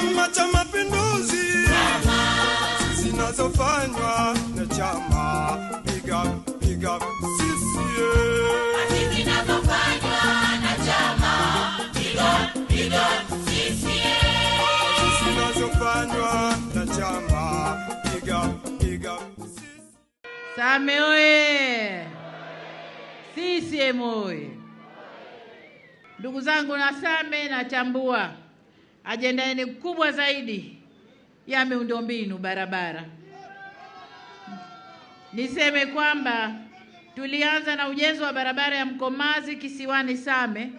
Chama cha Mapinduzi zinazofanywa na chama piga piga sisi zinazofanywa na chama Same oye! CCM oye! Ndugu zangu na Same, natambua ajenda yenu kubwa zaidi ya miundombinu barabara. Niseme kwamba tulianza na ujenzi wa barabara ya Mkomazi Kisiwani Same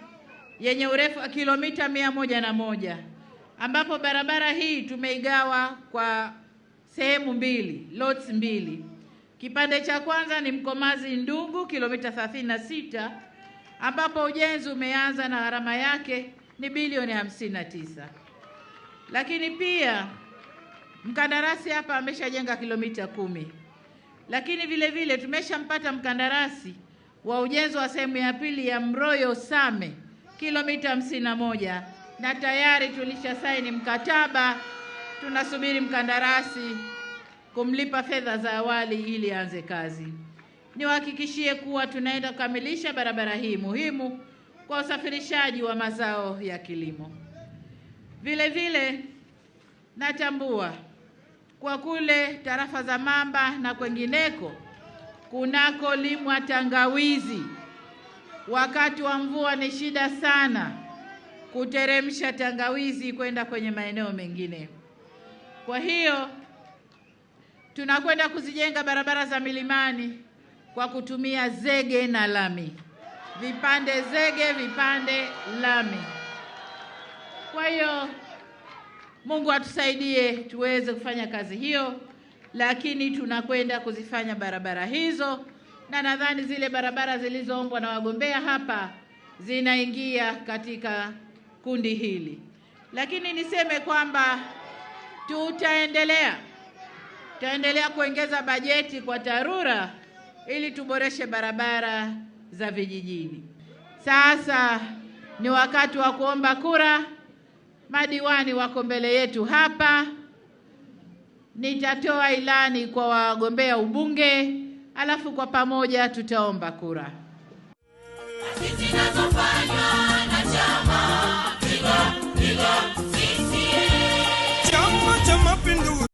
yenye urefu wa kilomita mia moja na moja ambapo barabara hii tumeigawa kwa sehemu mbili, lots mbili. Kipande cha kwanza ni Mkomazi Ndugu kilomita 36 ambapo ujenzi umeanza na gharama yake ni bilioni 59 tisa. Lakini pia mkandarasi hapa ameshajenga kilomita kumi, lakini vile vile tumeshampata mkandarasi wa ujenzi wa sehemu ya pili ya Mroyo Same kilomita hamsini na moja na tayari tulisha saini mkataba, tunasubiri mkandarasi kumlipa fedha za awali ili aanze kazi. Niwahakikishie kuwa tunaenda kukamilisha barabara hii muhimu kwa usafirishaji wa mazao ya kilimo. Vile vile natambua kwa kule tarafa za Mamba na kwengineko kunakolimwa tangawizi wakati wa mvua ni shida sana kuteremsha tangawizi kwenda kwenye maeneo mengine. Kwa hiyo tunakwenda kuzijenga barabara za milimani kwa kutumia zege na lami vipande zege, vipande lami. Kwa hiyo Mungu atusaidie tuweze kufanya kazi hiyo, lakini tunakwenda kuzifanya barabara hizo, na nadhani zile barabara zilizoombwa na wagombea hapa zinaingia katika kundi hili, lakini niseme kwamba tutaendelea tutaendelea kuongeza bajeti kwa TARURA ili tuboreshe barabara za vijijini. Sasa ni wakati wa kuomba kura. Madiwani wako mbele yetu hapa. Nitatoa ilani kwa wagombea ubunge, alafu kwa pamoja tutaomba kura.